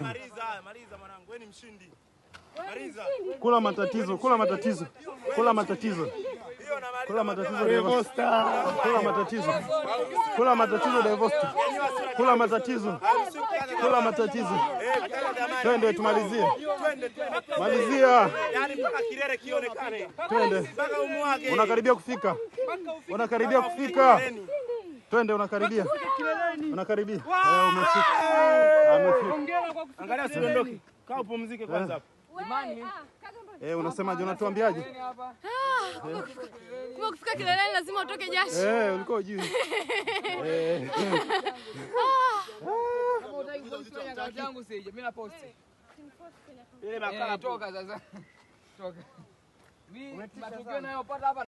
Maliza, maliza mwanangu, wewe ni mshindi. Maliza. Kula matatizo, kula matatizo. Kula matatizo. Kula matatizo Devosta. Kula matatizo. Kula matatizo Devosta. Kula matatizo. Kula matatizo. Twende tumalizie. Malizia. Yaani mpaka kilele kionekane. Twende. Unakaribia kufika. Unakaribia kufika. Twende, unakaribia, unakaribia. Angalia usidondoke, kaa upumzike kwanza eh. hapo. Eh? Eh? eh, unasemaje? Unatuambiaje? Kwa ah, kufika kileleni lazima utoke jasho. Eh, uliko juu. Mimi na post. Ile makala toka sasa. Toka. Mimi hapa